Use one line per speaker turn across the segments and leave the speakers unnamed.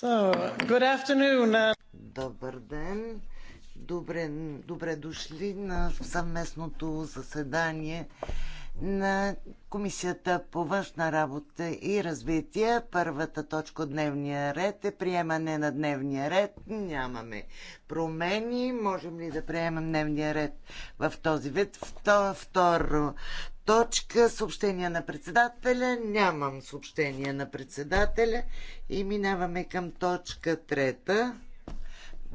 So, uh, Добър ден. Добре, добре дошли на съвместното заседание на Комисията по външна работа и развитие. Първата точка от дневния ред е приемане на дневния ред. Нямаме промени. Можем ли да приемем дневния ред в този вид? Второ, точка съобщения на председателя. Нямам съобщения на председателя и минаваме към точка трета.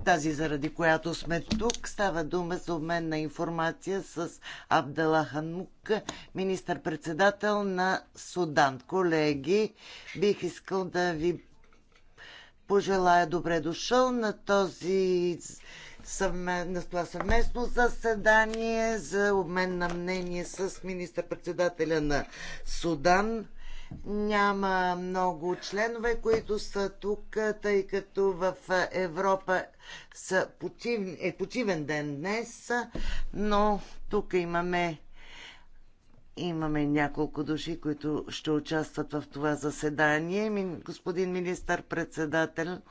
Тази, заради която сме тук, става дума за обмен на информация с Абдала Ханук, министър-председател на Судан. Колеги, бих искал да ви пожелая добре дошъл на този на това съвместно заседание за обмен на мнение с министър-председателя на Судан. Няма много членове, които са тук, тъй като в Европа са почив... е почивен ден днес, но тук имаме Имаме няколко души, които ще участват в това заседание. Господин министър-председател,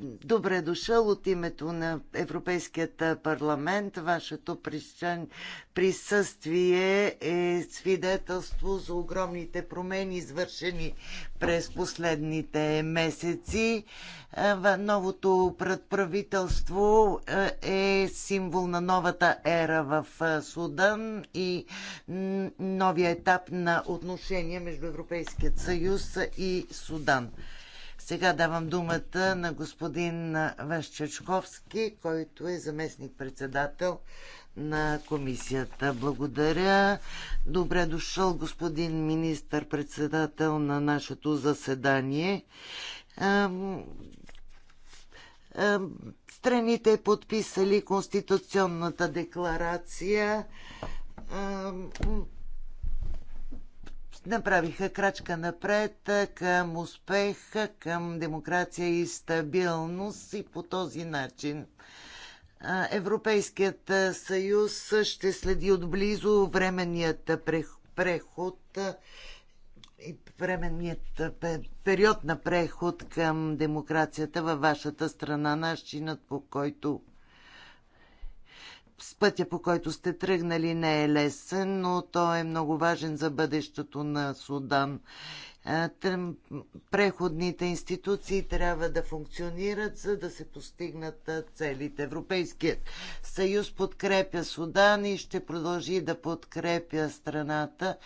Добре дошъл от името на Европейският парламент. Вашето присъствие е свидетелство за огромните промени, извършени през последните месеци. Новото правителство е символ на новата ера в Судан и новия етап на отношения между Европейският съюз и Судан. Сега давам думата на господин Вашчачковски, който е заместник-председател на комисията. Благодаря. Добре дошъл господин министър-председател на нашето заседание. Страните подписали Конституционната декларация направиха крачка напред към успех, към демокрация и стабилност и по този начин Европейският съюз ще следи отблизо временният преход и временният период на преход към демокрацията във вашата страна. Начинът по който с пътя, по който сте тръгнали, не е лесен, но той е много важен за бъдещето на Судан. Преходните институции трябва да функционират, за да се постигнат целите. Европейският съюз подкрепя Судан и ще продължи да подкрепя страната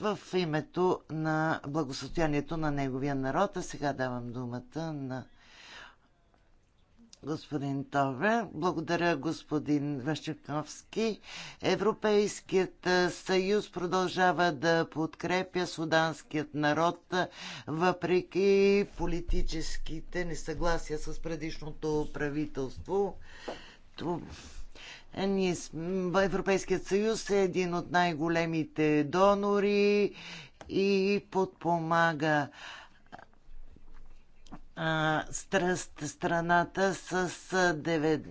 в името на благосостоянието на неговия народ. А сега давам думата на господин Тове. Благодаря, господин Вашиковски. Европейският съюз продължава да подкрепя суданският народ, въпреки политическите несъгласия с предишното правителство. Е, Европейският съюз е един от най-големите донори и подпомага Страст страната с, 9,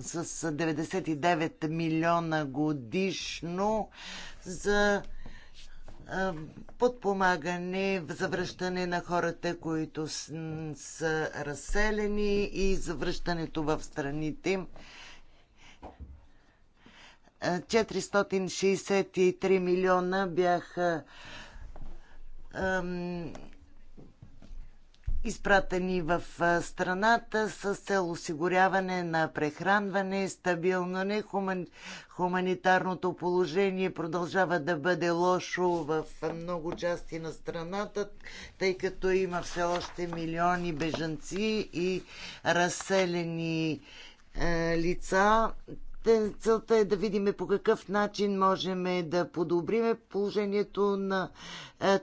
с 99 милиона годишно за подпомагане, завръщане на хората, които са разселени и завръщането в страните им. 463 милиона бяха изпратени в страната с цел осигуряване на прехранване, стабилно не хуман... хуманитарното положение продължава да бъде лошо в много части на страната, тъй като има все още милиони бежанци и разселени е, лица. Целта е да видим по какъв начин можем да подобрим положението на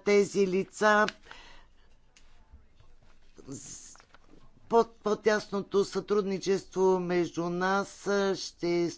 тези лица по-тясното -по сътрудничество между нас ще,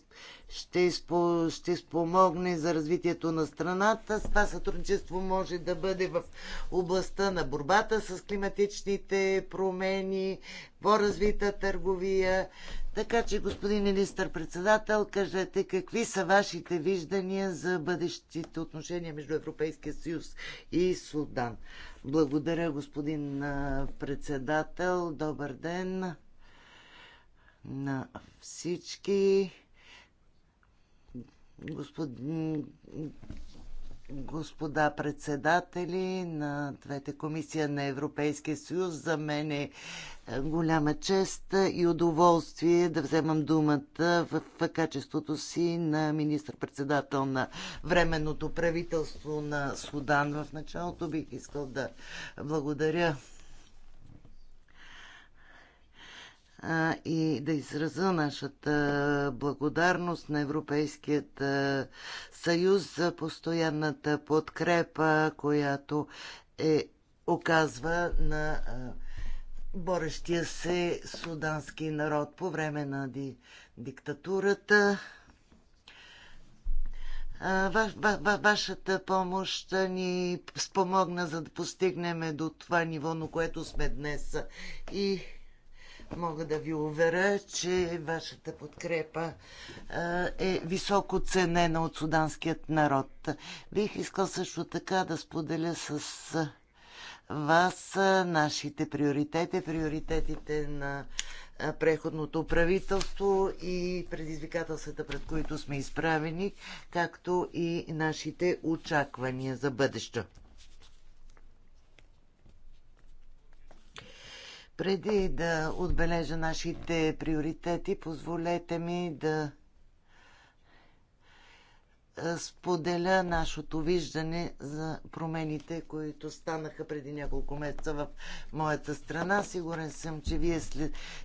ще, спо, ще спомогне за развитието на страната. Това сътрудничество може да бъде в областта на борбата с климатичните промени, по-развита търговия, така че, господин министър-председател, кажете какви са вашите виждания за бъдещите отношения между Европейския съюз и Судан. Благодаря, господин председател. Добър ден на всички. Господин господа председатели на двете комисия на Европейския съюз. За мен е, е голяма чест и удоволствие да вземам думата в качеството си на министр-председател на Временното правителство на Судан. В началото бих искал да благодаря а, и да израза нашата благодарност на Европейският съюз за постоянната подкрепа, която е оказва на а, борещия се судански народ по време на ди, диктатурата. вашата помощ ни спомогна за да постигнем до това ниво, на което сме днес. И мога да ви уверя, че вашата подкрепа е високо ценена от суданският народ. Бих искал също така да споделя с вас нашите приоритети, приоритетите на преходното правителство и предизвикателствата, пред които сме изправени, както и нашите очаквания за бъдеще. Преди да отбележа нашите приоритети, позволете ми да споделя нашето виждане за промените, които станаха преди няколко месеца в моята страна. Сигурен съм, че вие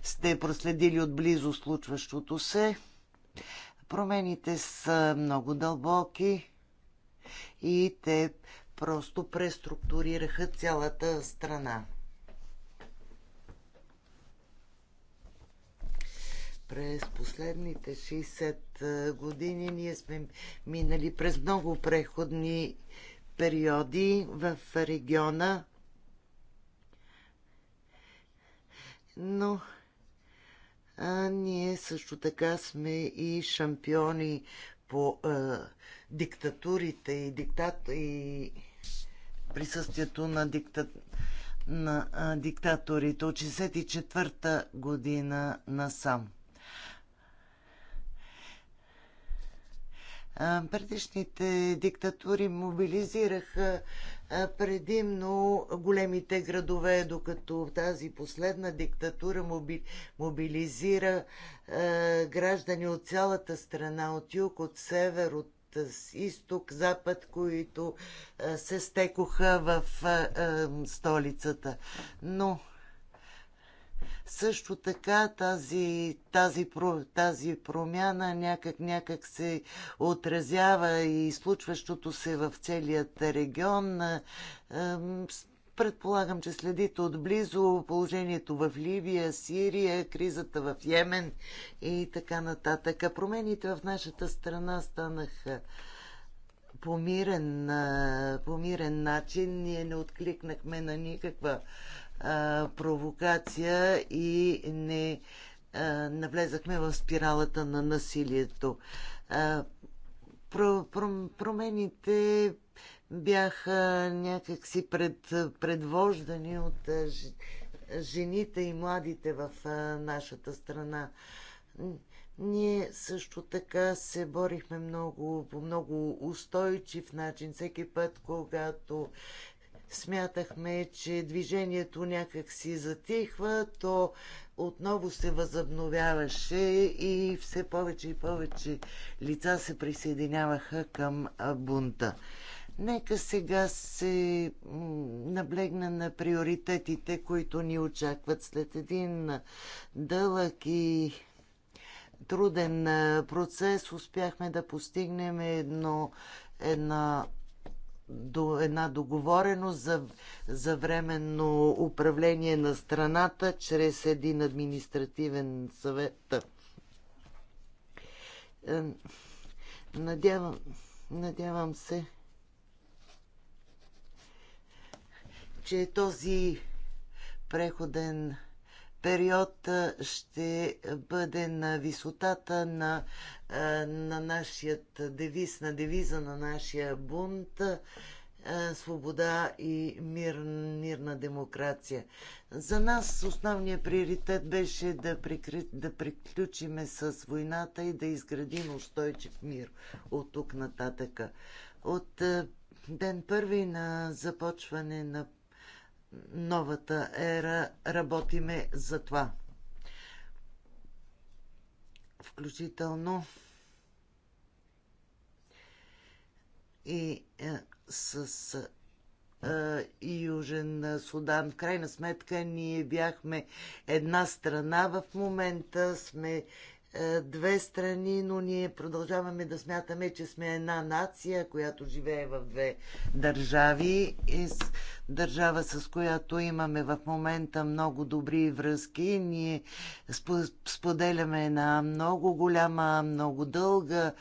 сте проследили отблизо случващото се. Промените са много дълбоки и те просто преструктурираха цялата страна. През последните 60 години ние сме минали през много преходни периоди в региона, но а, ние също така сме и шампиони по а, диктатурите и, диктат, и присъствието на, дикта, на а, диктаторите от 64-та година насам. Предишните диктатури мобилизираха предимно големите градове, докато тази последна диктатура мобилизира граждани от цялата страна, от юг, от север, от изток, запад, които се стекоха в столицата. Но също така тази, тази, тази промяна някак, някак се отразява и случващото се в целият регион. Предполагам, че следите отблизо положението в Ливия, Сирия, кризата в Йемен и така нататък. А промените в нашата страна станаха по мирен, по мирен начин. Ние не откликнахме на никаква а, провокация и не а, навлезахме в спиралата на насилието. А, про, про, промените бяха някакси пред, предвождани от жените и младите в нашата страна. Ние също така се борихме много, по много устойчив начин. Всеки път, когато смятахме, че движението някак си затихва, то отново се възобновяваше и все повече и повече лица се присъединяваха към бунта. Нека сега се наблегна на приоритетите, които ни очакват след един дълъг и труден процес. Успяхме да постигнем едно, една до една договореност за, за временно управление на страната чрез един административен съвет. Е, надявам, надявам се, че този преходен период ще бъде на висотата на, на нашия девиз, на девиза на нашия бунт свобода и мир, мирна демокрация. За нас основният приоритет беше да, прикри, да приключиме с войната и да изградим устойчив мир от тук нататъка. От ден първи на започване на новата ера работиме за това. Включително и е, с и е, Южен Судан. В крайна сметка ние бяхме една страна, в момента сме е, две страни, но ние продължаваме да смятаме, че сме една нация, която живее в две държави. И с държава, с която имаме в момента много добри връзки. Ние споделяме една много голяма, много дълга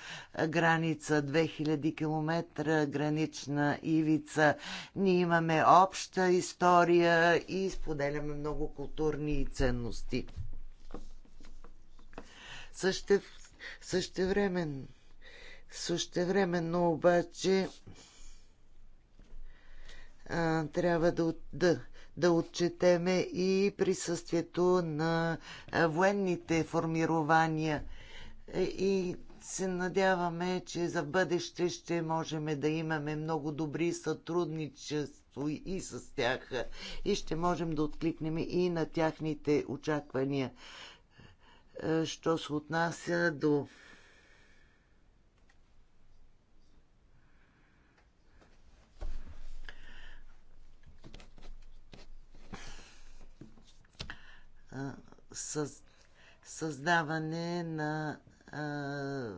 граница, 2000 км гранична ивица. Ние имаме обща история и споделяме много културни ценности. Съще, същевремен, същевременно обаче а, трябва да, да, да отчетеме и присъствието на военните формирования е, и се надяваме, че за бъдеще ще можем да имаме много добри сътрудничество и с тях и ще можем да откликнем и на тяхните очаквания. Е, що се отнася до е, създаване на е,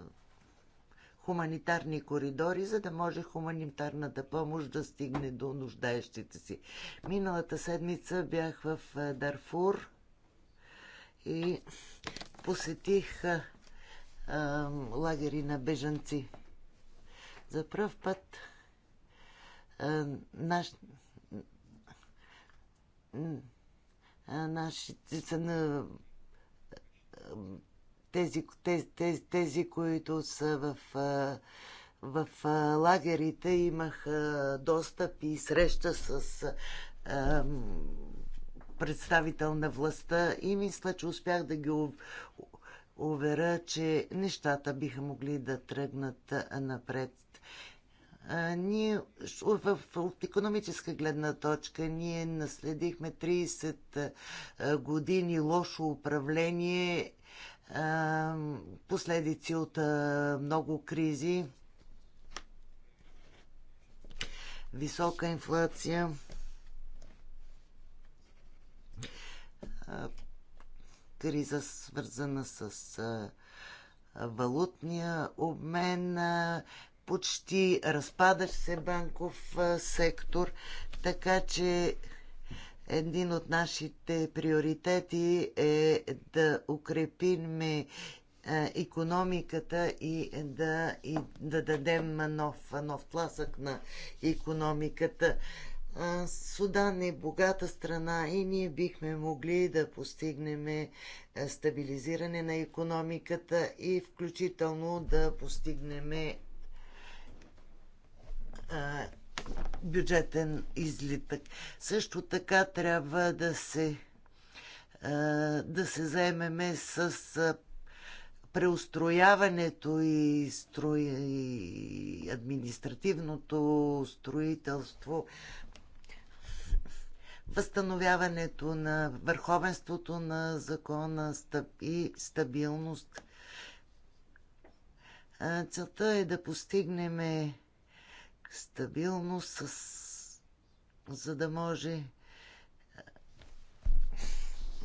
хуманитарни коридори, за да може хуманитарната помощ да стигне до нуждаещите си. Миналата седмица бях в Дарфур и посетих а, а, лагери на бежанци. За пръв път а, наш, а, нашите са на тези, тези, тези, тези, които са в, в, в лагерите, имаха достъп и среща с а, представител на властта и мисля, че успях да ги уверя, че нещата биха могли да тръгнат напред. Ние в, в економическа гледна точка ние наследихме 30 години лошо управление, последици от много кризи, висока инфлация. криза, свързана с валутния обмен, почти разпадащ се банков сектор, така че един от нашите приоритети е да укрепим економиката и да, и да дадем нов, нов тласък на економиката. Судан е богата страна и ние бихме могли да постигнем е, стабилизиране на економиката и включително да постигнем е, бюджетен излитък. Също така трябва да се да се заемеме с преустрояването и, строи, административното строителство възстановяването на върховенството на закона и стабилност. Целта е да постигнем стабилност, за да може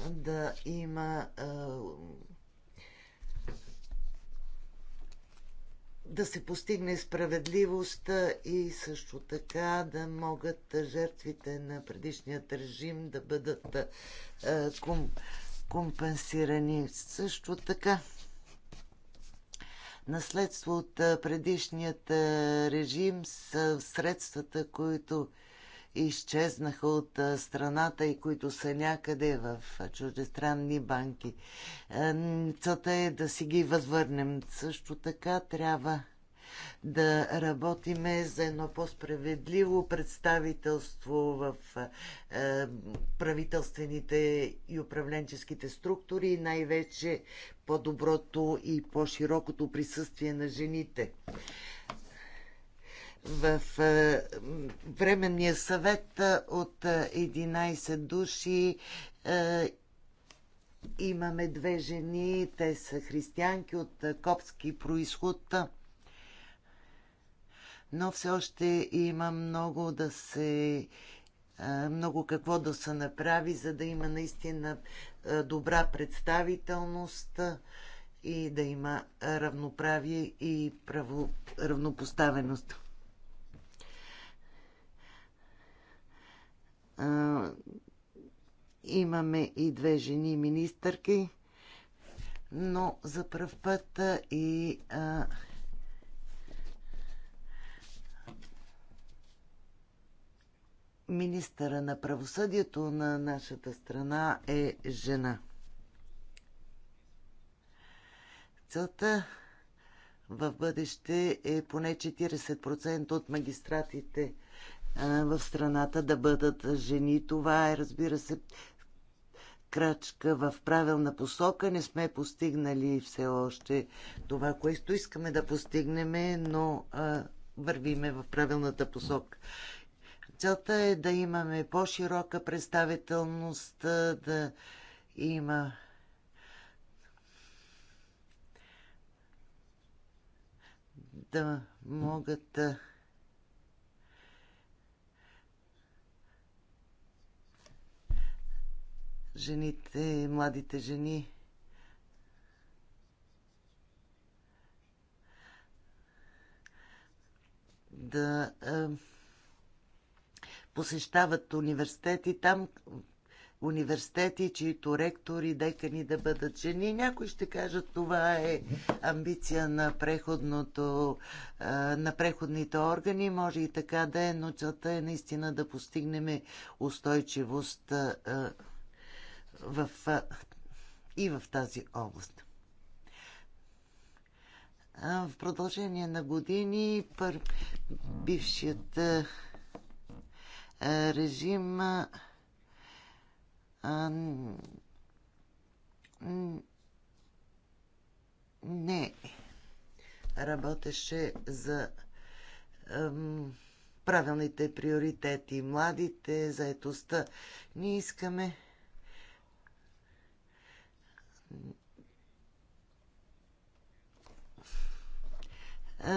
да има да се постигне справедливост и също така да могат жертвите на предишният режим да бъдат компенсирани. Също така наследство от предишният режим са средствата, които изчезнаха от страната и които са някъде в чуждестранни банки. Целта е да си ги възвърнем. Също така трябва да работиме за едно по-справедливо представителство в е, правителствените и управленческите структури, най-вече по-доброто и по-широкото присъствие на жените в е, Временния съвет е, от 11 е, души имаме две жени, те са християнки от копски происход, но все още има много да се много какво да се направи, за да има наистина добра представителност и да има равноправие и право, равнопоставеност. А, имаме и две жени министърки, но за пръв път и а, министъра на правосъдието на нашата страна е жена. Целта в бъдеще е поне 40% от магистратите в страната да бъдат жени. Това е, разбира се, крачка в правилна посока. Не сме постигнали все още това, което искаме да постигнем, но а, вървиме в правилната посока. Целта е да имаме по-широка представителност, да има да могат жените, младите жени. Да е, посещават университети там, университети, чието ректори, декани да бъдат жени. Някои ще кажат, това е амбиция на, преходното, е, на преходните органи. Може и така да е, но целта е наистина да постигнем устойчивост е, в, и в тази област. В продължение на години пър, бившият режим а, не работеше за а, правилните приоритети. Младите, заетостта. Ние искаме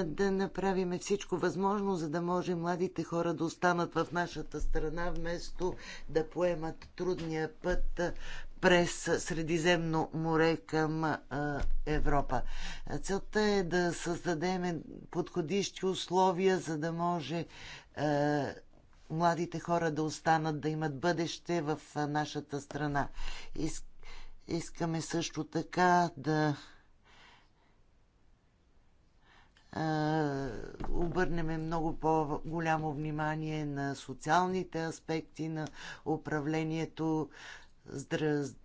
да направим всичко възможно, за да може младите хора да останат в нашата страна, вместо да поемат трудния път през Средиземно море към Европа. Целта е да създадем подходищи условия, за да може младите хора да останат, да имат бъдеще в нашата страна. Искам Искаме също така да обърнем много по-голямо внимание на социалните аспекти на управлението,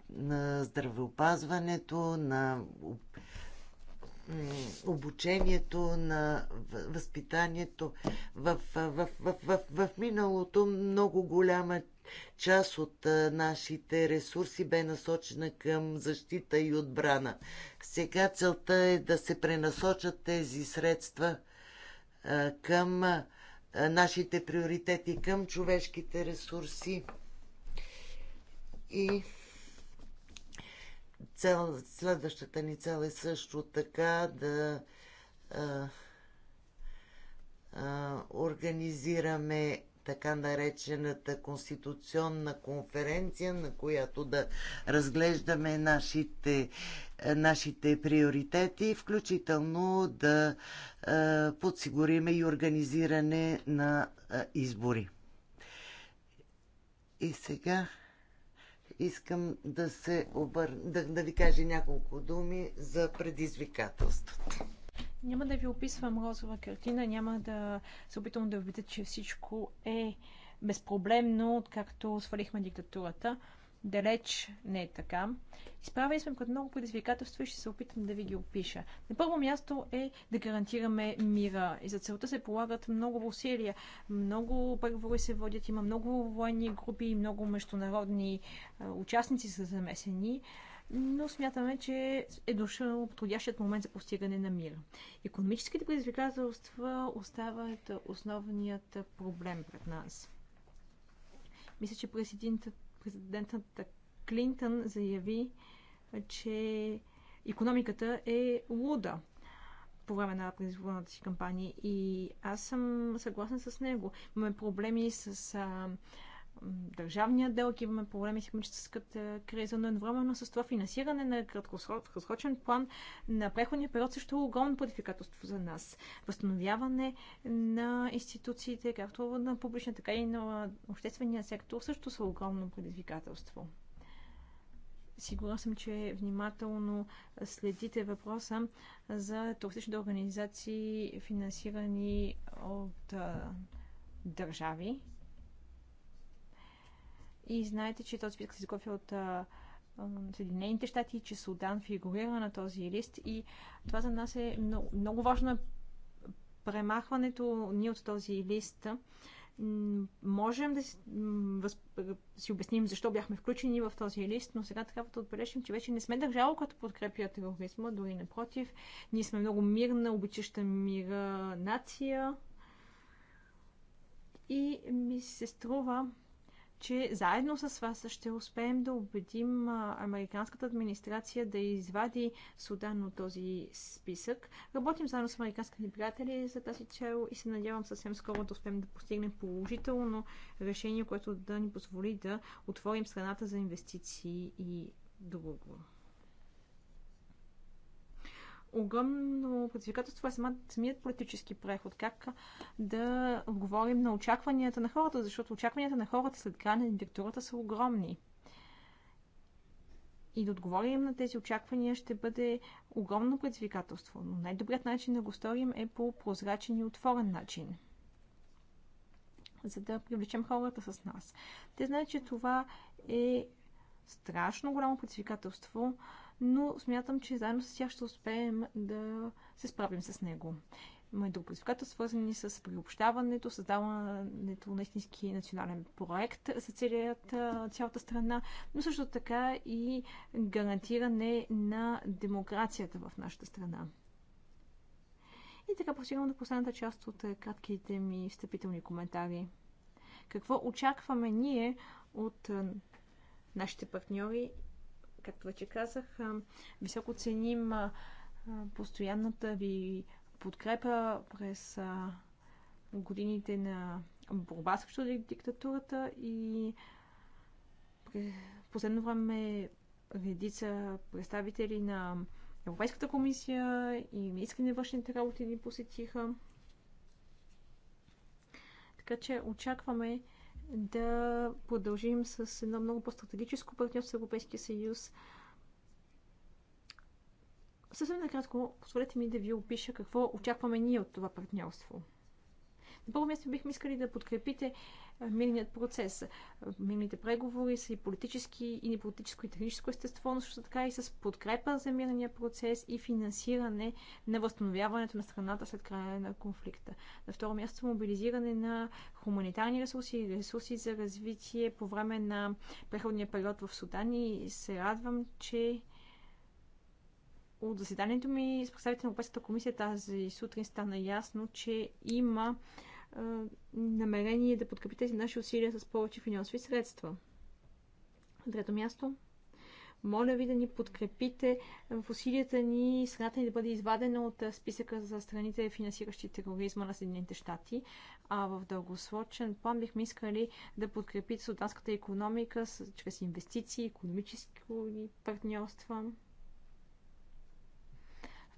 на здравеопазването, на обучението, на възпитанието. В, в, в, в, в миналото много голяма част от нашите ресурси бе насочена към защита и отбрана. Сега целта е да се пренасочат тези средства към нашите приоритети, към човешките ресурси и Цел, следващата ни цел е също така да а, а, организираме така наречената конституционна конференция, на която да разглеждаме нашите, нашите приоритети, включително да е, подсигуриме и организиране на е, избори. И сега искам да се обър... да, да ви кажа няколко думи за предизвикателствата.
Няма да ви описвам розова картина, няма да се опитвам да видя, че всичко е безпроблемно, откакто свалихме диктатурата. Далеч не е така. Изправени сме пред много предизвикателства и ще се опитам да ви ги опиша. На първо място е да гарантираме мира. И за целта се полагат много усилия. Много преговори се водят, има много военни групи и много международни участници са замесени но смятаме, че е дошъл подходящият момент за постигане на мир. Економическите предизвикателства остават основният проблем пред нас. Мисля, че президентът президентът Клинтън заяви, че економиката е луда по време на предизборната си кампания и аз съм съгласна с него. Имаме проблеми с а, държавния дълг, имаме проблеми с економическата криза, но едновременно с това финансиране на краткосрочен план на преходния период също е огромно предизвикателство за нас. Възстановяване на институциите, както на публичния, така и на обществения сектор, също са огромно предизвикателство. Сигурна съм, че внимателно следите въпроса за туристичните организации, финансирани от държави, и знаете, че този списък се изготвя от Съединените щати, че Судан фигурира на този лист и това за нас е много, много важно е премахването ни от този лист. Можем да си, въз, си обясним защо бяхме включени в този лист, но сега трябва да отбележим, че вече не сме държава, която подкрепя тероризма, дори напротив. Ние сме много мирна, обичаща мира нация. И ми се струва, че заедно с вас ще успеем да убедим американската администрация да извади Судан от този списък. Работим заедно с американските приятели за тази цел и се надявам съвсем скоро да успеем да постигнем положително решение, което да ни позволи да отворим страната за инвестиции и друго огромно предизвикателство е самият политически преход. Как да отговорим на очакванията на хората, защото очакванията на хората след края на диктатурата са огромни. И да отговорим на тези очаквания ще бъде огромно предизвикателство. Но най-добрият начин да го сторим е по прозрачен и отворен начин. За да привлечем хората с нас. Те знаят, че това е страшно голямо предизвикателство, но смятам, че заедно с тях ще успеем да се справим с него. Има и други свързани с приобщаването, създаването на истински национален проект за целият, цялата страна, но също така и гарантиране на демокрацията в нашата страна. И така постигам до последната част от кратките ми встъпителни коментари. Какво очакваме ние от нашите партньори както вече казах, високо ценим постоянната ви подкрепа през годините на борба срещу диктатурата и последно време редица представители на Европейската комисия и Министри на външните работи ни посетиха. Така че очакваме да продължим с едно много по-стратегическо партньорство с Европейския съюз. Съвсем накратко, позволете ми да ви опиша какво очакваме ние от това партньорство. На първо място бихме искали да подкрепите минният процес. Минните преговори са и политически, и не политическо, и техническо естество, но също така и с подкрепа за мирния процес и финансиране на възстановяването на страната след края на конфликта. На второ място мобилизиране на хуманитарни ресурси и ресурси за развитие по време на преходния период в Судан и се радвам, че от заседанието ми с представител на Европейската комисия тази сутрин стана ясно, че има намерение е да подкрепите тези наши усилия с повече финансови средства. На трето място, моля ви да ни подкрепите в усилията ни страната ни да бъде извадена от списъка за страните, финансиращи тероризма на Съединените щати. А в дългосрочен план бихме искали да подкрепите суданската економика чрез инвестиции, економически партньорства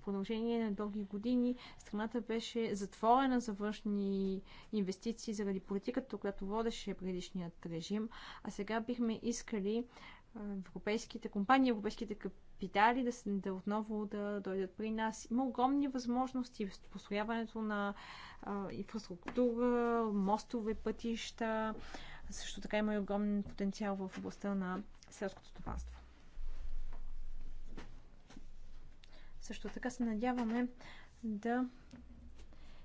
продължение на дълги години страната беше затворена за външни инвестиции заради политиката, която водеше предишният режим, а сега бихме искали европейските компании, европейските капитали да, да отново да дойдат при нас. Има огромни възможности в построяването на а, инфраструктура, мостове, пътища. Също така има и огромен потенциал в областта на селското стопанство. Също така се надяваме да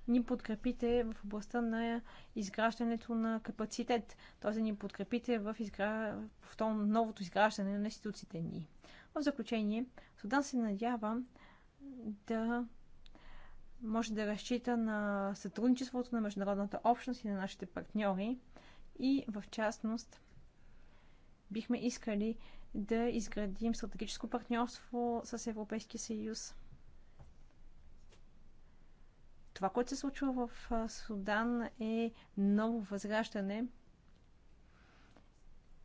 ни подкрепите в областта на изграждането на капацитет, т.е. да ни подкрепите в, изгра... в то новото изграждане на институциите ни. В заключение, Судан се надява да може да разчита на сътрудничеството на международната общност и на нашите партньори и в частност бихме искали да изградим стратегическо партньорство с Европейския съюз. Това, което се случва в Судан е ново възраждане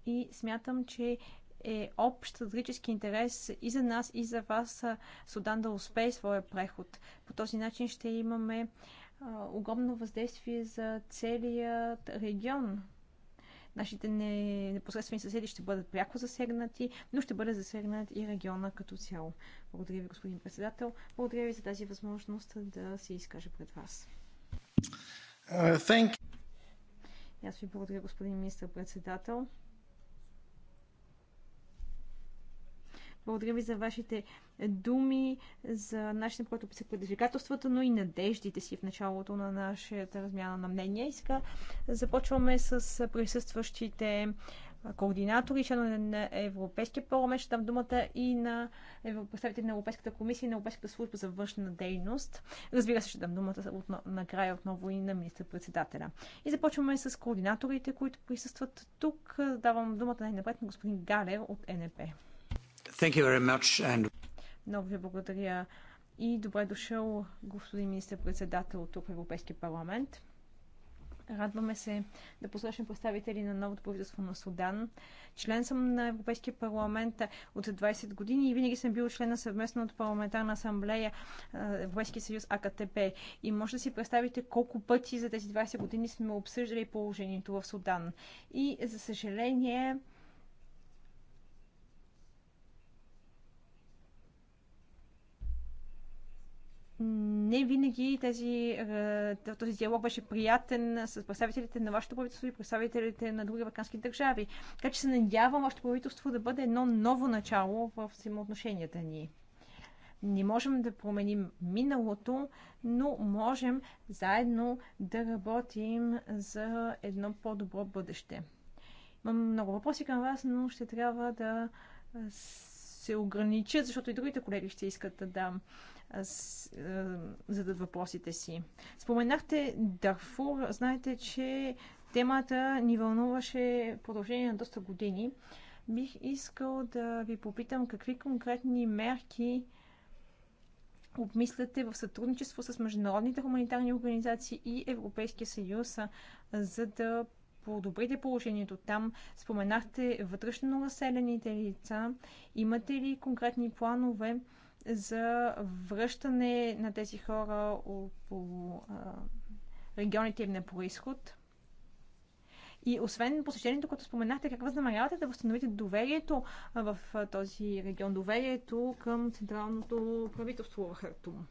и смятам, че е общ стратегически интерес и за нас, и за вас Судан да успее своя преход. По този начин ще имаме огромно въздействие за целият регион. Нашите непосредствени съседи ще бъдат пряко засегнати, но ще бъде засегнат и региона като цяло. Благодаря ви, господин председател. Благодаря ви за тази възможност да се изкажа пред вас. Uh, thank you. Аз ви благодаря, господин министр-председател. Благодаря ви за вашите думи за начинът, по който описах предизвикателствата, но и надеждите си в началото на нашата размяна на мнения. И сега започваме с присъстващите координатори, членове на Европейския парламент. Ще дам думата и на представители на Европейската комисия и на Европейската служба за външна дейност. Разбира се, ще дам думата накрая отново и на министър-председателя. И започваме с координаторите, които присъстват тук. Давам думата най-напред на господин Галер от НП.
Thank you very much and...
Много ви благодаря и добре дошъл, господин министър-председател, тук в Европейския парламент. Радваме се да посрещнем представители на новото правителство на Судан. Член съм на Европейския парламент от 20 години и винаги съм бил член на съвместната парламентарна асамблея Европейския съюз АКТП. И може да си представите колко пъти за тези 20 години сме обсъждали положението в Судан. И за съжаление, не винаги тези, е, този диалог беше приятен с представителите на вашето правителство и представителите на други вакански държави. Така че се надявам вашето правителство да бъде едно ново начало в взаимоотношенията ни. Не можем да променим миналото, но можем заедно да работим за едно по-добро бъдеще. Имам много въпроси към вас, но ще трябва да се ограничат, защото и другите колеги ще искат да дам е, зададат въпросите си. Споменахте Дарфур. Знаете, че темата ни вълнуваше в продължение на доста години. Бих искал да ви попитам какви конкретни мерки обмисляте в сътрудничество с международните хуманитарни организации и Европейския съюз, за да подобрите положението там? Споменахте вътрешно населените лица. Имате ли конкретни планове за връщане на тези хора по регионите им на происход. И освен посещението, което споменахте, как възнамерявате да възстановите доверието в този регион, доверието към централното правителство в Хартум?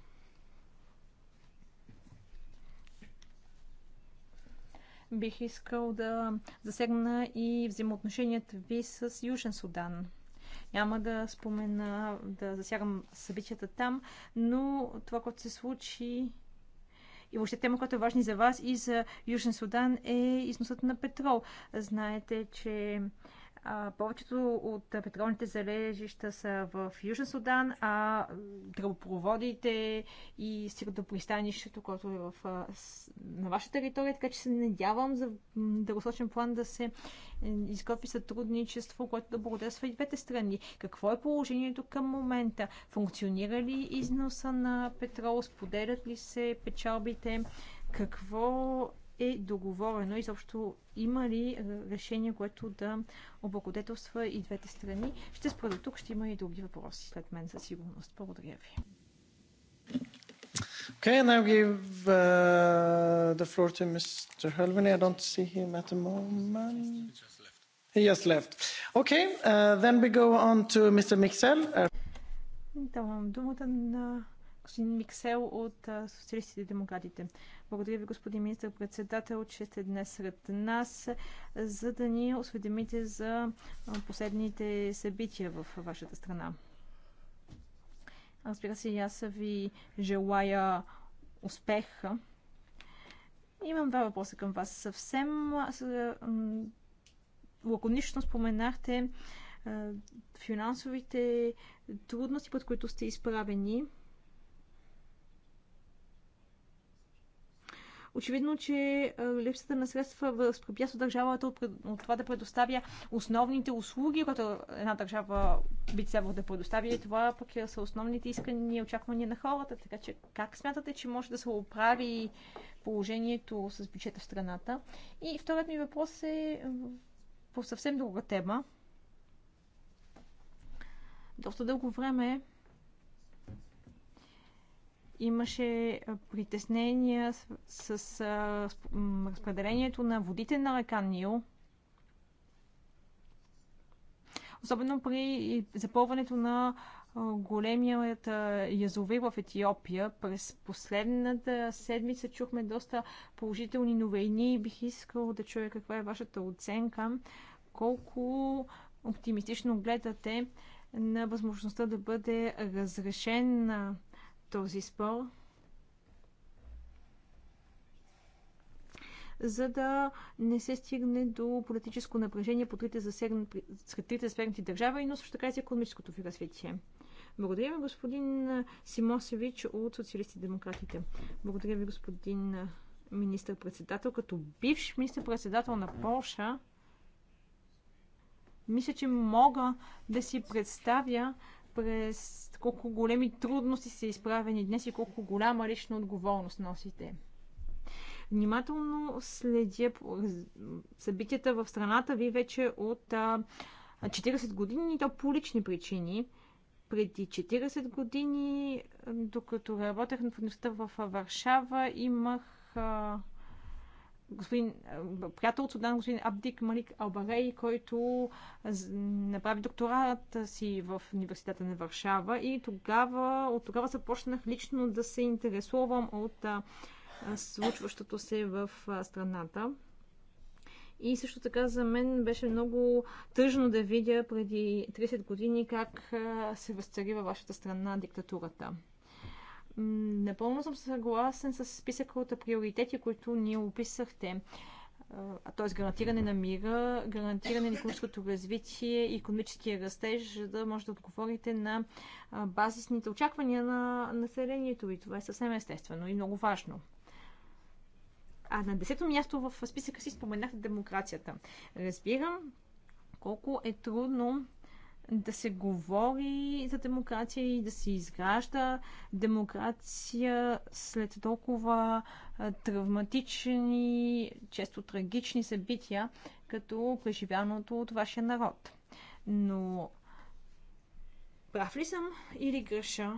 Бих искал да засегна и взаимоотношенията ви с Южен Судан. Няма да спомена, да засягам събитията там, но това, което се случи и въобще тема, която е важна и за вас, и за Южен Судан е износът на петрол. Знаете, че а, повечето от петролните залежища са в Южен Судан, а тръбопроводите и сиродопристанището, което е в, на ваша територия, така че се надявам за дългосрочен план да се е, изготви сътрудничество, което да благодарства и двете страни. Какво е положението към момента? Функционира ли износа на петрол? Споделят ли се печалбите? Какво е договорено? Изобщо има ли е, решение, което да облагодетелства и двете страни? Ще спра тук, ще има и други въпроси след мен със сигурност. Благодаря ви.
Okay, and I'll give uh, the floor to Mr. Helvini. I don't see him at the moment. He just left. Okay, uh, then we go on to Mr. Mixel. Uh
господин Миксел от Социалистите и демократите. Благодаря ви, господин министър председател че сте днес сред нас, за да ни осведомите за последните събития в вашата страна. Разбира се, и аз ви желая успех. Имам два въпроса към вас. Съвсем лаконично споменахте финансовите трудности, под които сте изправени. Очевидно, че липсата на средства възпрепятства държавата от, от това да предоставя основните услуги, които една държава би трябвало да предоставя. И това пък е, са основните искания и очаквания на хората. Така че как смятате, че може да се оправи положението с бюджета в страната? И вторият ми въпрос е по съвсем друга тема. Доста дълго време имаше притеснения с, с, с разпределението на водите на река Нил. Особено при запълването на големият язовир в Етиопия. През последната седмица чухме доста положителни новини и бих искал да чуя каква е вашата оценка. Колко оптимистично гледате на възможността да бъде разрешен този спор, за да не се стигне до политическо напрежение по трите засегнати, сред трите засегнати държави, но също така и за економическото ви развитие. Благодаря ви, господин Симосевич от Социалисти демократите. Благодаря ви, господин министър-председател. Като бивш министър-председател на Полша, мисля, че мога да си представя през колко големи трудности са изправени днес и колко голяма лична отговорност носите. Внимателно следя събитията в страната ви вече от 40 години и то по лични причини. Преди 40 години, докато работех в университета в Варшава, имах господин, приятел от Судан, господин Абдик Малик Албарей, който направи докторат си в университета на Варшава и тогава, от тогава започнах лично да се интересувам от случващото се в страната. И също така за мен беше много тъжно да видя преди 30 години как се възцари във вашата страна диктатурата. Напълно съм съгласен с списъка от приоритети, които ние описахте т.е. гарантиране на мира, гарантиране на економическото развитие и економическия растеж, за да може да отговорите на базисните очаквания на населението. И това е съвсем естествено и много важно. А на десето място в списъка си споменах демокрацията. Разбирам колко е трудно да се говори за демокрация и да се изгражда демокрация след толкова травматични, често трагични събития, като преживяното от вашия народ. Но прав ли съм или греша?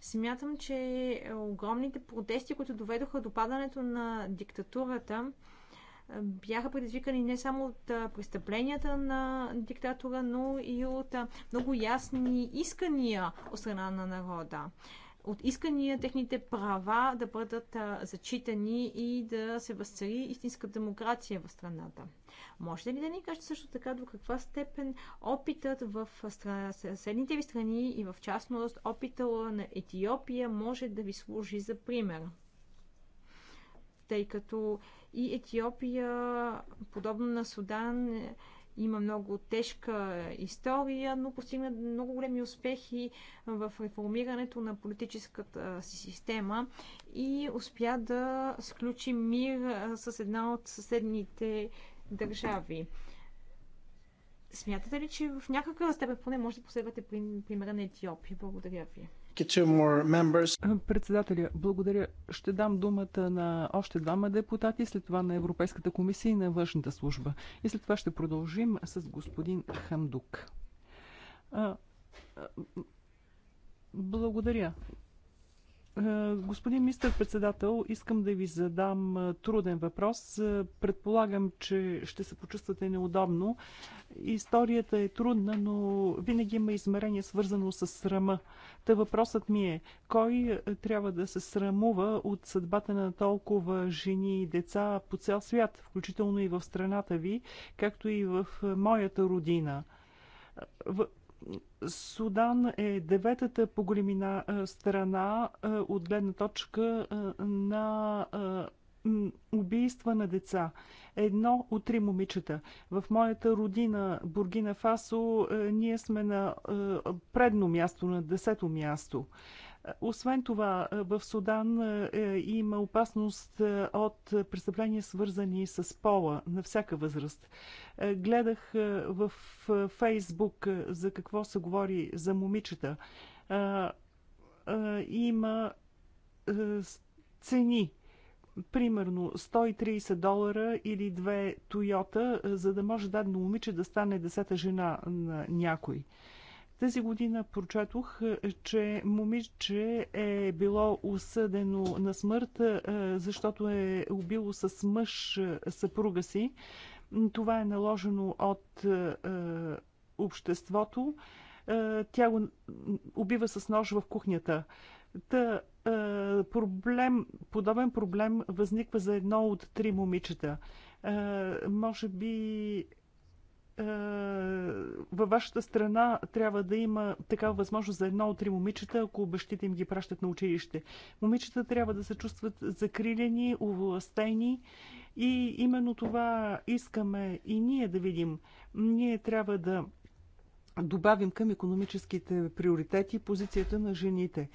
Смятам, че огромните протести, които доведоха до падането на диктатурата, бяха предизвикани не само от престъпленията на диктатора, но и от много ясни искания от страна на народа. От искания техните права да бъдат зачитани и да се възцари истинска демокрация в страната. Може ли да ни кажете също така до каква степен опитът в съседните ви страни и в частност опита на Етиопия може да ви служи за пример? Тъй като и Етиопия, подобно на Судан, има много тежка история, но постигна много големи успехи в реформирането на политическата си система и успя да сключи мир с една от съседните държави. Смятате ли, че в някакъв степен поне може да последвате примера на Етиопия? Благодаря ви.
Председателя, благодаря. Ще дам думата на още двама депутати, след това на Европейската комисия и на външната служба. И след това ще продължим с господин Хамдук. Благодаря. Е, господин министър-председател, искам да ви задам е, труден въпрос. Е, предполагам, че ще се почувствате неудобно. Историята е трудна, но винаги има измерение свързано с срама. Та въпросът ми е, кой трябва да се срамува от съдбата на толкова жени и деца по цял свят, включително и в страната ви, както и в моята родина? Судан е деветата по големина страна от гледна точка на убийства на деца. Едно от три момичета. В моята родина Бургина Фасо ние сме на предно място, на десето място. Освен това, в Судан е, има опасност от престъпления, свързани с пола на всяка възраст. Гледах в Фейсбук за какво се говори за момичета. Има цени примерно 130 долара или две Тойота, за да може дадено момиче да стане десета жена на някой. Тази година прочетох, е, че момиче е било осъдено на смърт, е, защото е убило с мъж е, съпруга си. Това е наложено от обществото. Тя го убива с нож в кухнята. Та, проблем, подобен проблем възниква за едно от три момичета. Може би е, във вашата страна трябва да има такава възможност за едно от три момичета, ако бащите им ги пращат на училище. Момичета трябва да се чувстват закрилени, увластени и именно това искаме и ние да видим. Ние трябва да добавим към економическите приоритети позицията на жените.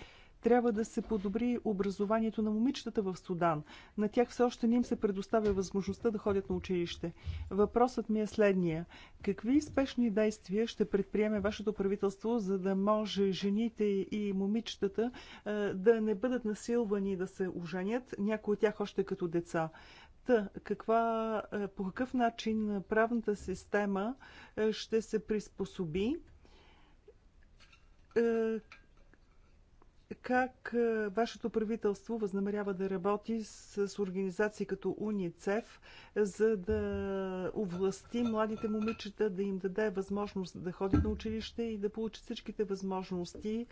Трябва да се подобри образованието на момичетата в Судан. На тях все още не им се предоставя възможността да ходят на училище. Въпросът ми е следния. Какви спешни действия ще предприеме вашето правителство, за да може жените и момичетата да не бъдат насилвани да се оженят, някои от тях още като деца? Та, каква, по какъв начин правната система ще се приспособи как е, вашето правителство възнамерява да работи с организации като УНИЦЕФ, за да овласти младите момичета, да им даде възможност да ходят на училище и да получат всичките възможности,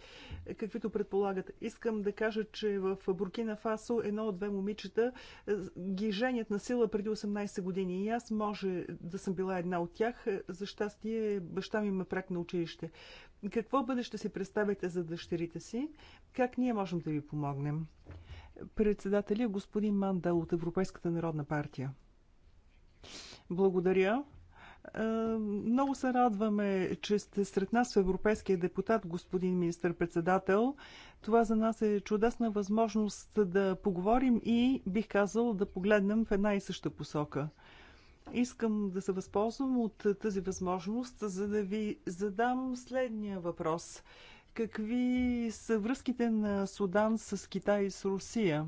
каквито предполагат. Искам да кажа, че в Буркина Фасо едно от две момичета е, ги женят на сила преди 18 години и аз може да съм била една от тях. За щастие баща ми ме прак на училище. Какво бъдеще си представяте за дъщерите си? Как ние можем да ви помогнем? Председателя е господин Мандал от Европейската народна партия. Благодаря. Е, много се радваме, че сте сред нас в Европейския депутат, господин министър-председател. Това за нас е чудесна възможност да поговорим и, бих казал, да погледнем в една и съща посока – Искам да се възползвам от тази възможност, за да ви задам следния въпрос. Какви са връзките на Судан с Китай и с Русия?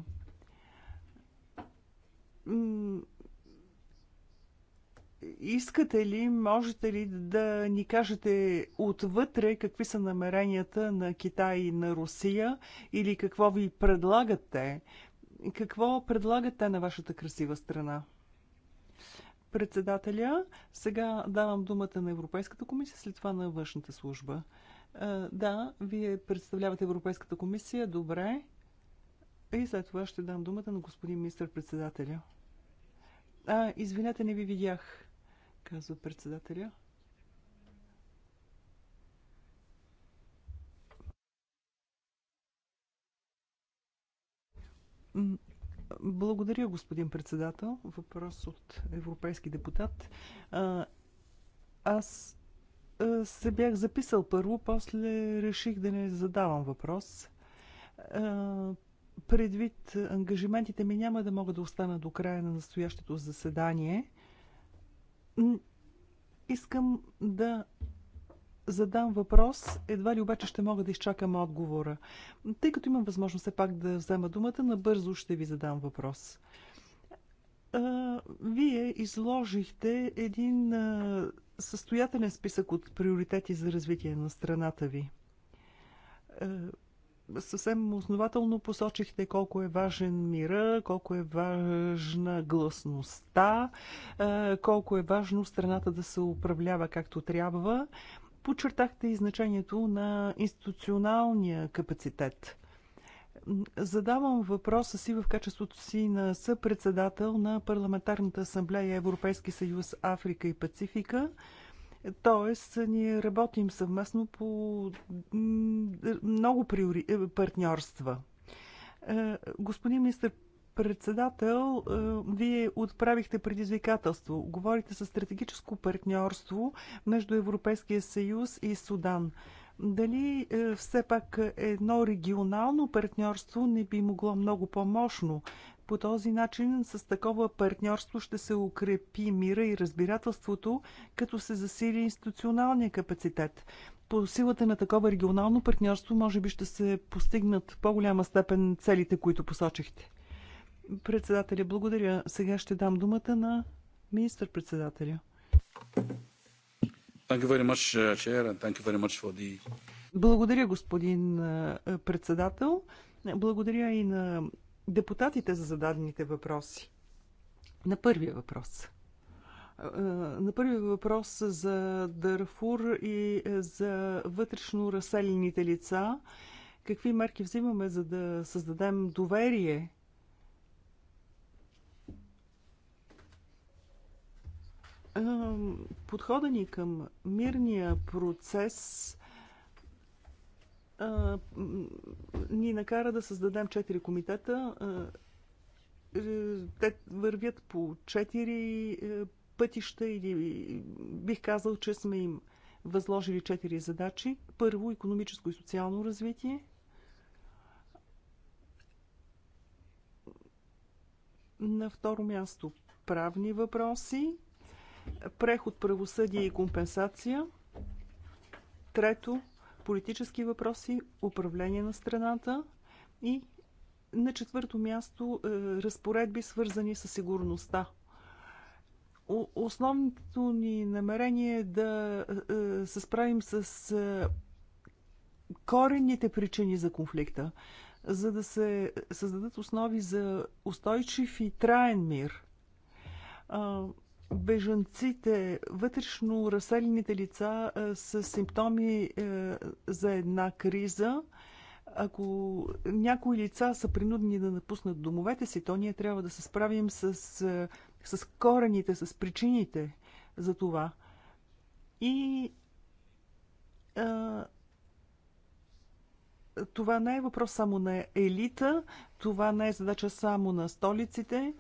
Искате ли, можете ли да ни кажете отвътре какви са намеренията на Китай и на Русия или какво ви предлагате? Какво предлагат те на вашата красива страна? председателя. Сега давам думата на Европейската комисия, след това на външната служба. Да, вие представлявате Европейската комисия, добре. И след това ще дам думата на господин министър-председателя. А, извинете, не ви видях, казва председателя. Благодаря, господин председател. Въпрос от европейски депутат. Аз се бях записал първо, после реших да не задавам въпрос. Предвид ангажиментите ми няма да мога да остана до края на настоящето заседание. Искам да задам въпрос, едва ли обаче ще мога да изчакам отговора. Тъй като имам възможност все пак да взема думата, набързо ще ви задам въпрос. Вие изложихте един състоятелен списък от приоритети за развитие на страната ви. Съвсем основателно посочихте колко е важен мира, колко е важна гласността, колко е важно страната да се управлява както трябва. Подчертахте и значението на институционалния капацитет. Задавам въпроса си в качеството си на съпредседател на Парламентарната асамблея Европейски съюз Африка и Пацифика. Тоест, ние работим съвместно по много приори... партньорства. Е, господин министр председател, е, вие отправихте предизвикателство. Говорите за стратегическо партньорство между Европейския съюз и Судан. Дали е, все пак едно регионално партньорство не би могло много по-мощно? По този начин с такова партньорство ще се укрепи мира и разбирателството, като се засили институционалния капацитет по силата на такова регионално партньорство може би ще се постигнат в по-голяма степен целите, които посочихте. Председателя, благодаря. Сега ще дам думата на министър-председателя. Uh, благодаря, господин uh, председател. Благодаря и на депутатите за зададените въпроси. На първия въпрос. Uh, на първия въпрос за Дарфур и за вътрешно разселените лица. Какви мерки взимаме, за да създадем доверие подхода ни към мирния процес ни накара да създадем четири комитета. Е, те вървят по четири е, пътища или бих казал, че сме им възложили четири задачи. Първо, економическо и социално развитие. На второ място, правни въпроси преход, правосъдие и компенсация. Трето, политически въпроси, управление на страната и на четвърто място е, разпоредби, свързани с сигурността. Основното ни намерение е да е, се справим с е, коренните причини за конфликта, за да се създадат основи за устойчив и траен мир. Бежанците, вътрешно разселените лица е, са симптоми е, за една криза. Ако някои лица са принудени да напуснат домовете си, то ние трябва да се справим с, е, с корените, с причините за това. И а, това не е въпрос само на елита, това не е задача само на столиците,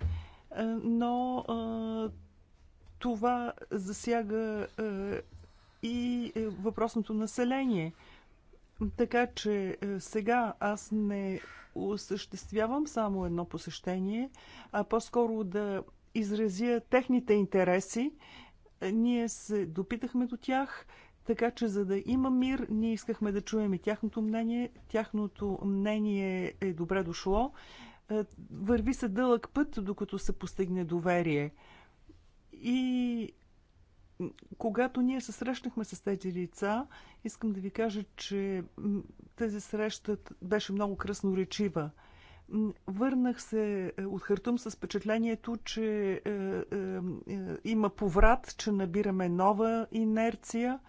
но а, това засяга е, и е, въпросното население. Така че е, сега аз не осъществявам само едно посещение, а по-скоро да изразя техните интереси. Ние се допитахме до тях, така че за да има мир, ние искахме да чуем и тяхното мнение. Тяхното мнение е добре дошло. Върви се дълъг път, докато се постигне доверие. И когато ние се срещнахме с тези лица, искам да ви кажа, че тази среща беше много кръсноречива. Върнах се е, от Хартум с впечатлението, че е, е, е, има поврат, че набираме нова инерция.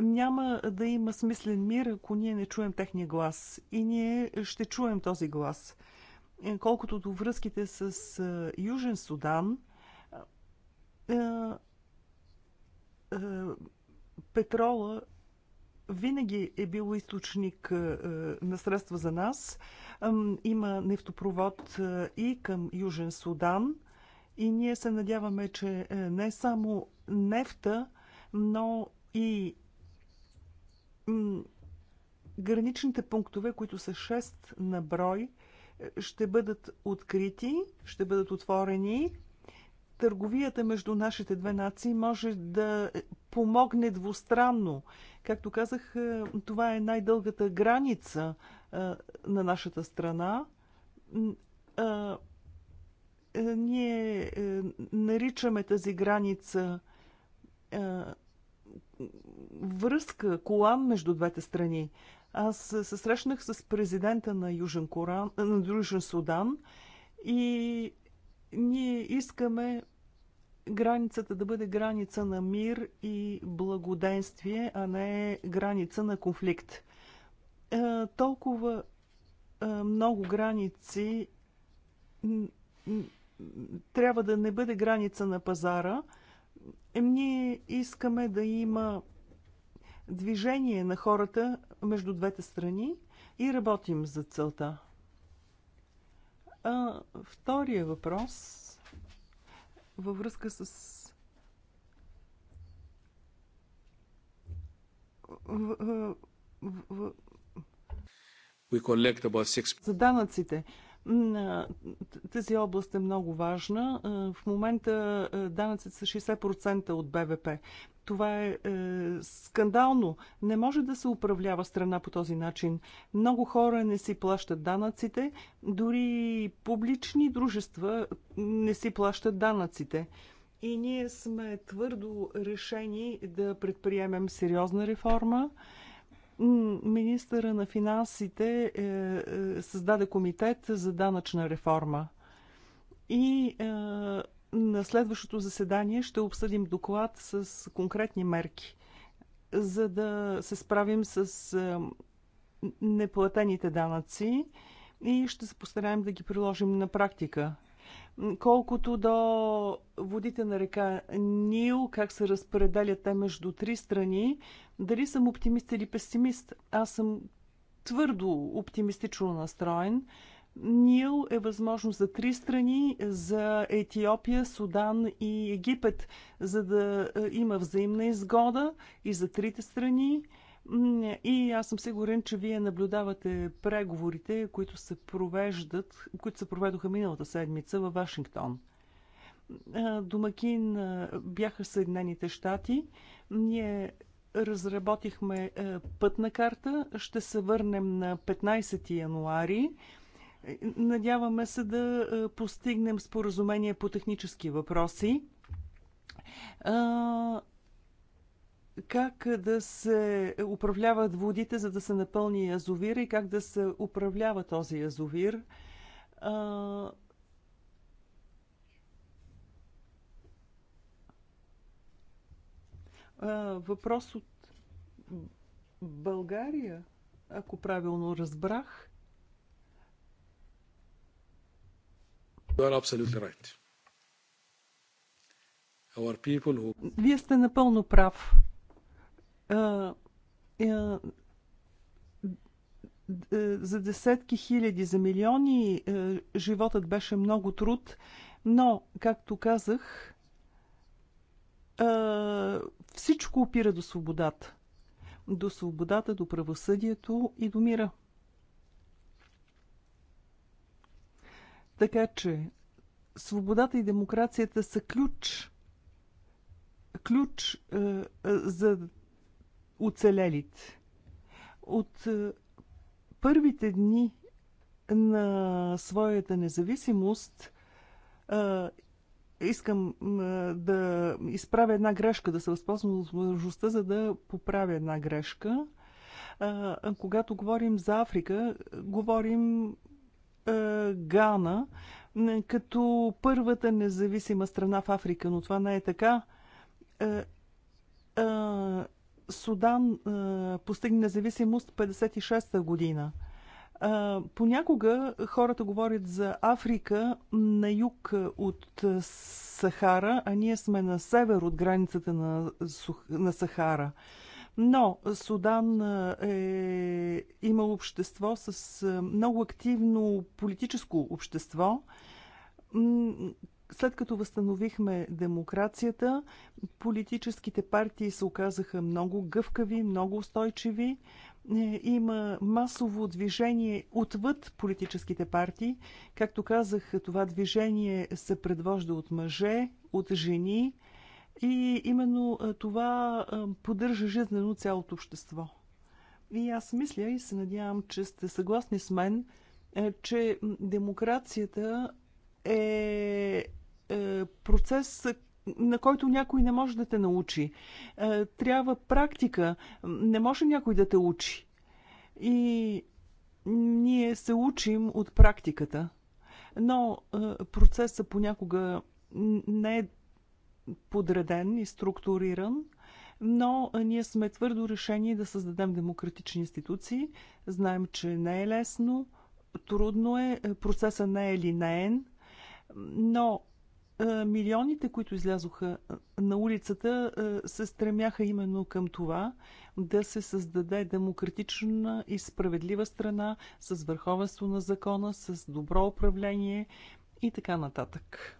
Няма да има смислен мир, ако ние не чуем техния глас. И ние ще чуем този глас. Е, колкото до връзките с Южен Судан, е, е, петрола винаги е бил източник е, на средства за нас. Има нефтопровод и към Южен Судан. И ние се надяваме, че не само нефта, но и граничните пунктове, които са 6 на брой, ще бъдат открити, ще бъдат отворени търговията между нашите две нации може да помогне двустранно. Както казах, е, това е най-дългата граница е, на нашата страна. Е, ние наричаме тази граница връзка, колан между двете страни. Аз се срещнах с президента на Южен, Коран, на Южен Судан и ние искаме границата да бъде граница на мир и благоденствие, а не граница на конфликт. Е, толкова е, много граници трябва да не бъде граница на пазара. Ние искаме да има движение на хората между двете страни и работим за целта. А, втория въпрос във връзка с We collect about six... за данъците. Тази област е много важна. Е, в момента е, данъци са 60% от БВП. Това е, е скандално. Не може да се управлява страна по този начин. Много хора не си плащат данъците, дори публични дружества не си плащат данъците. И ние сме твърдо решени да предприемем сериозна реформа. Министъра на финансите е, е, създаде комитет за данъчна реформа. И е, на следващото заседание ще обсъдим доклад с конкретни мерки, за да се справим с неплатените данъци и ще се постараем да ги приложим на практика. Колкото до водите на река Нил, как се разпределят те между три страни, дали съм оптимист или песимист, аз съм твърдо оптимистично настроен. Нил е възможно за три страни, за Етиопия, Судан и Египет, за да е, има взаимна изгода и за трите страни. И аз съм сигурен, че вие наблюдавате преговорите, които се провеждат, които се проведоха миналата седмица във Вашингтон. Домакин бяха Съединените щати. Ние разработихме пътна карта. Ще се върнем на 15 януари. Надяваме се да постигнем споразумение по технически въпроси как да се управляват водите, за да се напълни язовир и как да се управлява този язовир. А... А, въпрос от България, ако правилно разбрах. Right. Вие сте напълно прав. Е, за десетки хиляди, за милиони е, животът беше много труд, но, както казах, всичко опира до свободата. До свободата, до правосъдието и до мира. Така че, свободата и демокрацията са ключ. Ключ е, за оцелелите. От е, първите дни на своята независимост е, искам е, да изправя една грешка, да се възползвам от възможността, за да поправя една грешка. когато говорим за Африка, говорим Гана като първата независима страна в Африка, но това не е така. Судан е, постигне независимост 56-та година. Е, понякога хората говорят за Африка на юг от Сахара, а ние сме на север от границата на, на Сахара. Но Судан е, има общество с е, много активно политическо общество, след като възстановихме демокрацията, политическите партии се оказаха много гъвкави, много устойчиви. Е, има масово движение отвъд политическите партии. Както казах, това движение се предвожда от мъже, от жени и именно е, това е, поддържа жизнено цялото общество. И аз мисля и се надявам, че сте съгласни с мен, че демокрацията е е, процес, на който някой не може да те научи. Е, трябва практика. Не може някой да те учи. И ние се учим от практиката. Но е, процесът понякога не е подреден и структуриран, но ние сме твърдо решени да създадем демократични институции. Знаем, че не е лесно, трудно е, процесът не е линеен, но Милионите, които излязоха на улицата, се стремяха именно към това да се създаде демократична и справедлива страна с върховенство на закона, с добро управление и така нататък.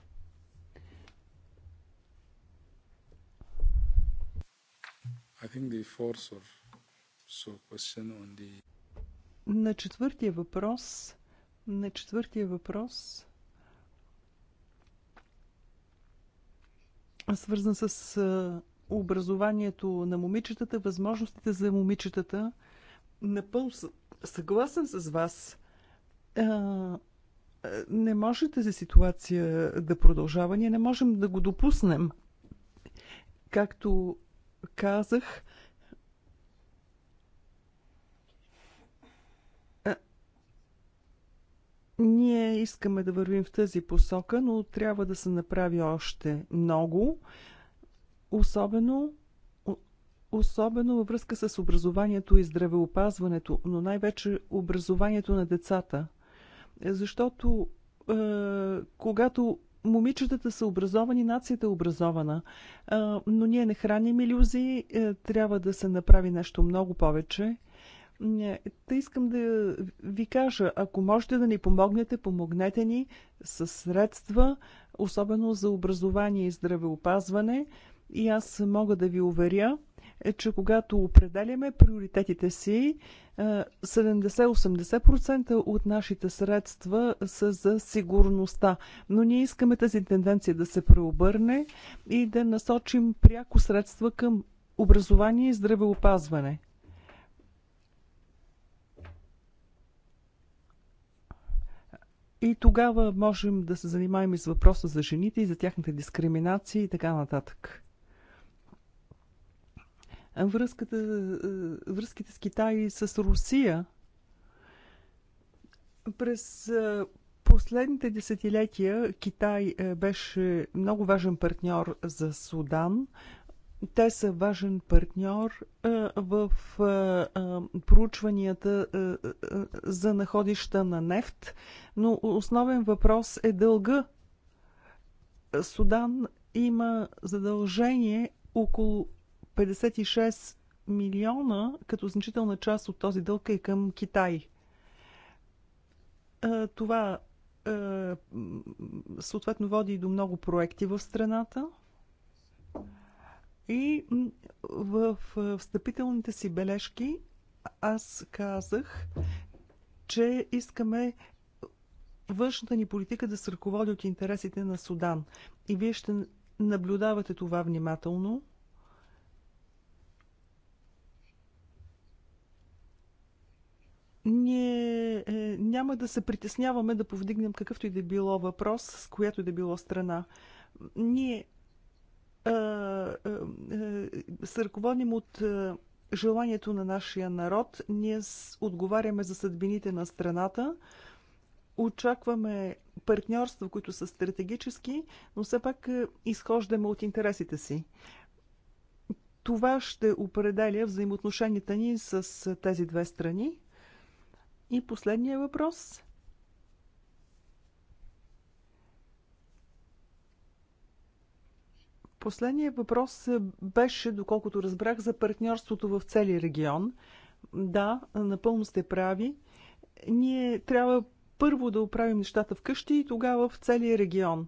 На четвъртия въпрос, на четвъртия въпрос свързан с образованието на момичетата, възможностите за момичетата. Напълно съгласен с вас. Не може тази ситуация да продължава. Ние не можем да го допуснем. Както казах, Ние искаме да вървим в тази посока, но трябва да се направи още много, особено особено във връзка с образованието и здравеопазването, но най-вече образованието на децата. Защото е, когато момичетата са образовани, нацията е образована. Е, но ние не храним иллюзии, е, трябва да се направи нещо много повече. Та искам да ви кажа, ако можете да ни помогнете, помогнете ни с средства, особено за образование и здравеопазване. И аз мога да ви уверя, е, че когато определяме приоритетите си, 70-80% е, от нашите средства са за сигурността. Но ние искаме тази тенденция да се преобърне и да насочим пряко средства към образование и здравеопазване. И тогава можем да се занимаем и с въпроса за жените и за тяхната дискриминация и така нататък. Връзката, е, връзките с Китай и с Русия през е, последните десетилетия Китай е, беше много важен партньор за Судан, те са важен партньор в проучванията за находища на нефт, но основен въпрос е дълга. Судан има задължение около 56 милиона, като значителна част от този дълг е към Китай. Това съответно води и до много проекти в страната. И в встъпителните си бележки аз казах, че искаме външната ни политика да се ръководи от интересите на Судан. И вие ще наблюдавате това внимателно. Ние е, няма да се притесняваме да повдигнем какъвто и да е било въпрос, с която и да е било страна. Ние се ръководим от желанието на нашия народ. Ние отговаряме за съдбините на страната. Очакваме партньорства, които са стратегически, но все пак изхождаме от интересите си. Това ще определя взаимоотношенията ни с тези две страни. И последния въпрос. Последният въпрос беше, доколкото разбрах, за партньорството в цели регион. Да, напълно сте прави. Ние трябва първо да оправим нещата вкъщи и тогава в целия регион.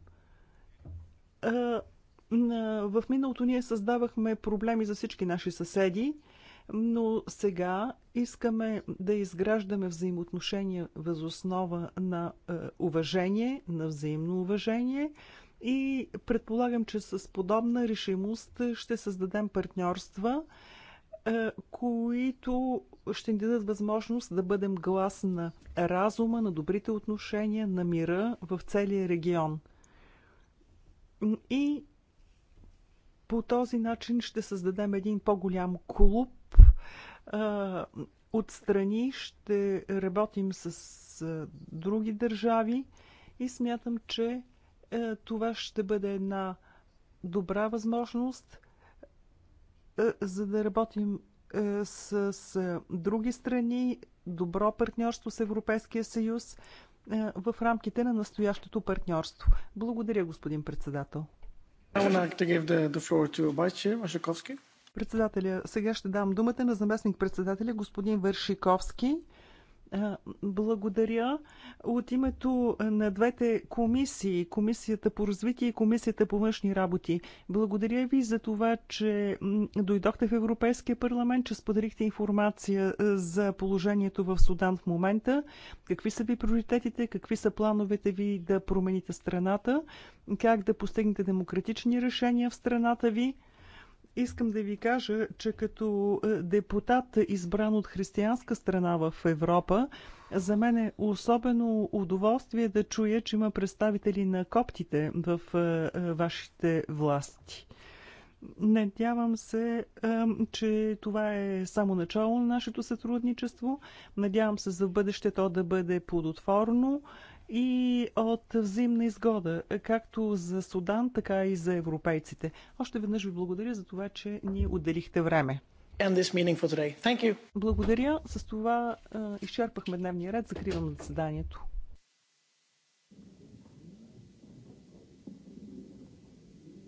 В миналото ние създавахме проблеми за всички наши съседи, но сега искаме да изграждаме взаимоотношения възоснова на уважение, на взаимно уважение – и предполагам, че с подобна решимост ще създадем партньорства, е, които ще ни дадат възможност да бъдем глас на разума, на добрите отношения, на мира в целия регион. И по този начин ще създадем един по-голям клуб. Е, отстрани ще работим с е, други държави и смятам, че е, това ще бъде една добра възможност, е, за да работим е, с, с други страни, добро партньорство с Европейския съюз в рамките на настоящото партньорство. Благодаря, господин председател. Председателя, сега ще дам думата на заместник председателя господин Вършиковски. Благодаря. От името на двете комисии, Комисията по развитие и Комисията по външни работи, благодаря ви за това, че дойдохте в Европейския парламент, че споделихте информация за положението в Судан в момента. Какви са ви приоритетите, какви са плановете ви да промените страната, как да постигнете демократични решения в страната ви? Искам да ви кажа, че като е, депутат, избран от християнска страна в Европа, за мен е особено удоволствие да чуя, че има представители на коптите в е, е, вашите власти. Надявам се, че това е само начало на нашето сътрудничество. Надявам се за бъдеще то да бъде плодотворно, и от взаимна изгода, както за Судан, така и за европейците. Още веднъж ви благодаря за това, че ни отделихте време. Благодаря. С това изчерпахме дневния ред. Закривам заседанието.